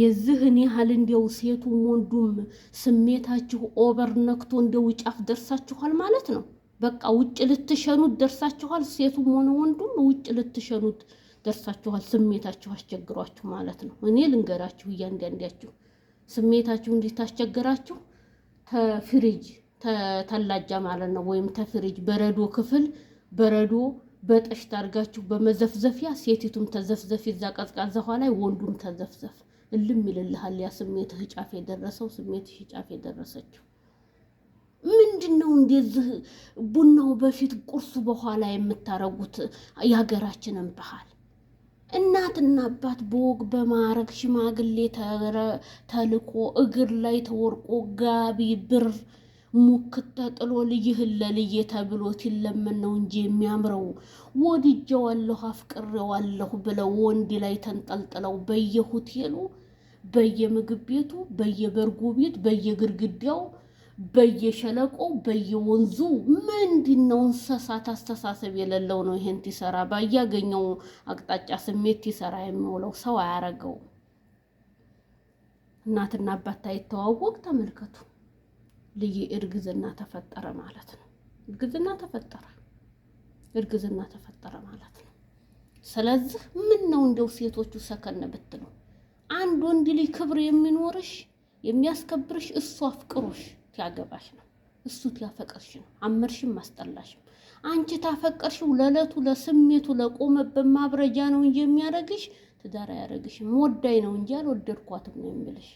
የዚህን ያህል እንዲያው ሴቱም ወንዱም ስሜታችሁ ኦቨር ነክቶ እንዲያው ጫፍ ደርሳችኋል ማለት ነው። በቃ ውጭ ልትሸኑት ደርሳችኋል። ሴቱም ሆነ ወንዱም ውጭ ልትሸኑት ደርሳችኋል። ስሜታችሁ አስቸግሯችሁ ማለት ነው። እኔ ልንገራችሁ፣ እያንዳንዳችሁ ስሜታችሁ እንዴት ታስቸግራችሁ ተፍሪጅ ተላጃ ማለት ነው፣ ወይም ተፍሪጅ በረዶ ክፍል በረዶ በጠሽት አድርጋችሁ በመዘፍዘፊያ ሴቲቱም ተዘፍዘፊ እዛ ቀዝቃዛ ላይ ወንዱም ተዘፍዘፍ እልም ይልልሃል። ያ ስሜትህ ጫፍ የደረሰው ስሜትህ ጫፍ የደረሰችው ምንድን ነው? እንደዚህ ቡናው በፊት ቁርሱ በኋላ የምታረጉት የሀገራችንን ባህል እናትና አባት በወግ በማዕረግ ሽማግሌ ተልኮ እግር ላይ ተወርቆ ጋቢ ብር ሙክት ተጥሎ ልይህን ለልዬ ተብሎት ይለመን ነው እንጂ የሚያምረው ወድጀዋለሁ አፍቅሬዋለሁ ብለው ወንድ ላይ ተንጠልጥለው በየሆቴሉ በየምግብ ቤቱ በየበርጎ ቤት በየግድግዳው በየሸለቆው በየወንዙ ምንድን ነው እንስሳት አስተሳሰብ የሌለው ነው። ይሄን ቲሰራ ባያገኘው አቅጣጫ ስሜት ቲሰራ የሚውለው ሰው አያረገው። እናትና አባት አይተዋወቅ። ተመልከቱ። ልይ እርግዝና ተፈጠረ ማለት ነው። እርግዝና ተፈጠረ እርግዝና ተፈጠረ ማለት ነው። ስለዚህ ምን ነው እንደው ሴቶቹ ሰከን ብትሉ፣ አንድ ወንድ ልጅ ክብር የሚኖርሽ የሚያስከብርሽ እሱ አፍቅሮሽ ያገባሽ ነው። እሱ ያፈቅርሽ ነው። አመርሽም አስጠላሽም አንቺ ታፈቀርሽው ለዕለቱ ለስሜቱ ለቆመበት ማብረጃ ነው እንጂ የሚያደርግሽ ትዳር አያደርግሽም። ወዳይ ነው እንጂ አልወደድኳትም ነው የሚልሽ።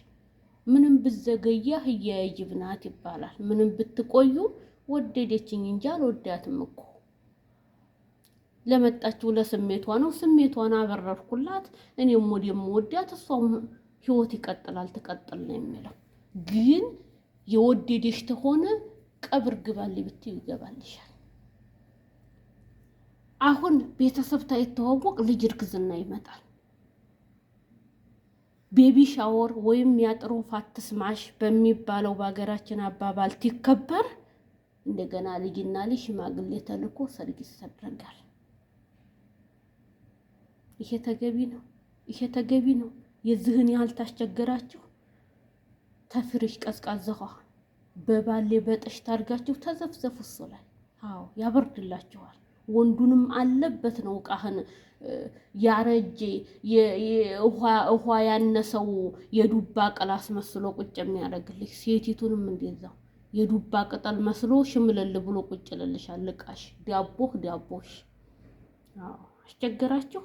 ምንም ብዘገያ ህያ ጅብ ናት ይባላል። ምንም ብትቆዩ ወደደችኝ እንጂ አልወዳትም እኮ ለመጣችው ለስሜቷ ነው። ስሜቷን አበረርኩላት። እኔም ወደ የምወዳት እሷም ህይወት ይቀጥላል ትቀጥል ነው የሚለው። ግን የወደደሽ ተሆነ ቀብር ግባል ብትይው ይገባልሻል። አሁን ቤተሰብ ታይተዋወቅ ልጅ እርግዝና ይመጣል። ቤቢ ሻወር ወይም ፋትስ ፋትስማሽ በሚባለው በሀገራችን አባባል ትከበር እንደገና ልጅና ልጅ ሽማግሌ ተልኮ ሰርግ ይሰረጋል። ይሄ ተገቢ ነው፣ ይሄ ተገቢ ነው። የዚህን ያህል ታስቸገራችሁ፣ ተፍርሽ ቀዝቃዛ በባሌ በጠሽ ታርጋችሁ ተዘፍዘፉ እሱ ላይ። አዎ ያበርድላችኋል። ወንዱንም አለበት ነው እቃህን ያረጀ ውሃ ያነሰው የዱባ ቅል አስመስሎ ቁጭ የሚያደርግልሽ ሴቲቱንም እንደዛው የዱባ ቅጠል መስሎ ሽምልል ብሎ ቁጭ ልልሻል። ልቃሽ ዳቦህ ዳቦሽ አስቸገራችሁ።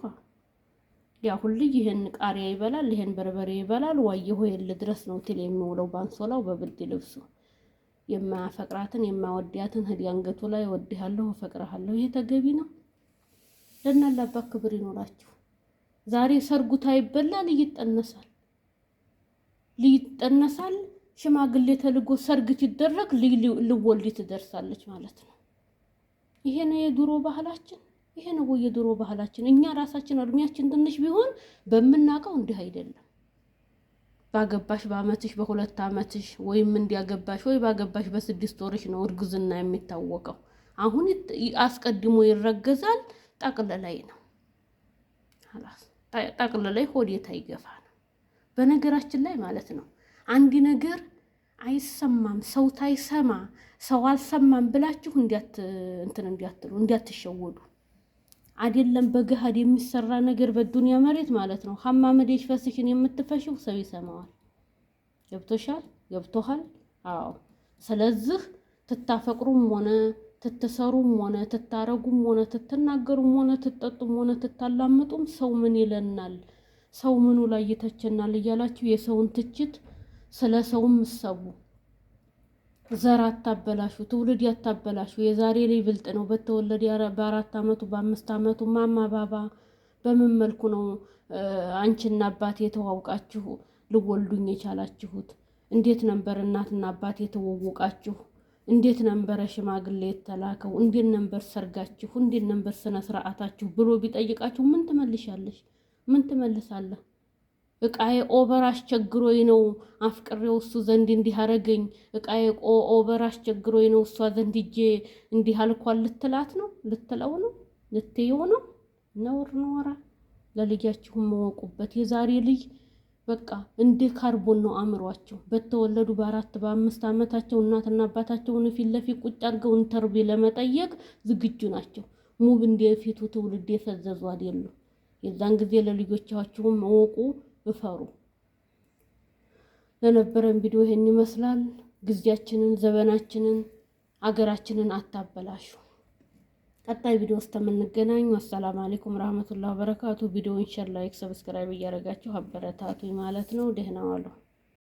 ያ ሁሉ ይህን ቃሪያ ይበላል፣ ይህን በርበሬ ይበላል። ዋየሆ የለ ድረስ ነው ትል የሚውለው ባንሶላው በብርድ ልብሱ የማያፈቅራትን የማወዲያትን ህድ አንገቱ ላይ ወድሃለሁ፣ እፈቅርሃለሁ። ይሄ ተገቢ ነው? ለእናት ክብር ይኖራችሁ። ዛሬ ሰርጉታ ይበላ ይጠነሳል፣ ይጠነሳል። ሽማግሌ ተልጎ ሰርግ ሲደረግ ልጅ ልወልድ ትደርሳለች ማለት ነው። ይሄ ነው የድሮ ባህላችን። ይሄ ነው የድሮ ባህላችን። እኛ ራሳችን እድሜያችን ትንሽ ቢሆን በምናውቀው እንዲህ አይደለም። ባገባሽ በአመትሽ በሁለት አመትሽ ወይም እንዲያገባሽ ወይ ባገባሽ በስድስት ወርሽ ነው እርግዝና የሚታወቀው። አሁን አስቀድሞ ይረገዛል። ላይ ነው ላይ ሆዴታ ይገፋ ነው። በነገራችን ላይ ማለት ነው አንድ ነገር አይሰማም ሰው ታይሰማ ሰው አልሰማም ብላችሁ እንዲያት እንትን እንዲያትሉ እንዲያትሸወዱ አይደለም በገሃድ የሚሰራ ነገር በዱንያ መሬት ማለት ነው። ሀማመድ ፈስሽን የምትፈሽው ሰው ይሰማዋል። ገብቶሻል? ገብቶሃል? አዎ። ስለዚህ ትታፈቅሩም ሆነ ትትሰሩም ሆነ ትታረጉም ሆነ ትትናገሩም ሆነ ትጠጡም ሆነ ትታላምጡም ሰው ምን ይለናል፣ ሰው ምኑ ላይ ይተችናል እያላችሁ የሰውን ትችት ስለ ሰውም እሰቡ። ዘር አታበላሹ፣ ትውልድ ያታበላሹ። የዛሬ ላይ ብልጥ ነው። በተወለደ በአራት አመቱ በአምስት አመቱ ማማ ባባ በምን መልኩ ነው አንቺና አባት የተዋውቃችሁ ልወልዱኝ የቻላችሁት? እንዴት ነበር እናትና አባት የተዋወቃችሁ? እንዴት ነበረ ሽማግሌ የተላከው? እንዴት ነበር ሰርጋችሁ? እንዴት ነበር ስነ ስርዓታችሁ ብሎ ቢጠይቃችሁ ምን ትመልሻለሽ? ምን ትመልሳለህ? እቃዬ ኦቨር አስቸግሮኝ ነው አፍቅሬው እሱ ዘንድ እንዲህ አረገኝ። እቃዬ ኦቨር አስቸግሮኝ ነው እሷ ዘንድ እጄ እንዲህ አልኳል ልትላት ነው ልትለው ነው ልትየው ነው። ነውር ነወራ። ለልጃችሁም መወቁበት። የዛሬ ልጅ በቃ እንደ ካርቦን ነው አእምሯቸው። በተወለዱ በአራት በአምስት ዓመታቸው እናትና አባታቸውን ፊት ለፊት ቁጭ አድርገው ኢንተርቪ ለመጠየቅ ዝግጁ ናቸው። ሙብ እንደፊቱ ትውልድ የፈዘዙ አይደሉም። የዛን ጊዜ ለልጆቻችሁም መወቁ። እፈሩ። ለነበረን ቪዲዮ ይሄን ይመስላል። ጊዜያችንን፣ ዘመናችንን፣ አገራችንን አታበላሹ። ቀጣይ ቪዲዮ ውስጥ የምንገናኙ። አሰላም አለይኩም ረህመቱላህ በረካቱ። ቪዲዮውን ሸር፣ ላይክ፣ ሰብስክራይብ እያደረጋችሁ አበረታቱኝ ማለት ነው። ደህና ዋሉ።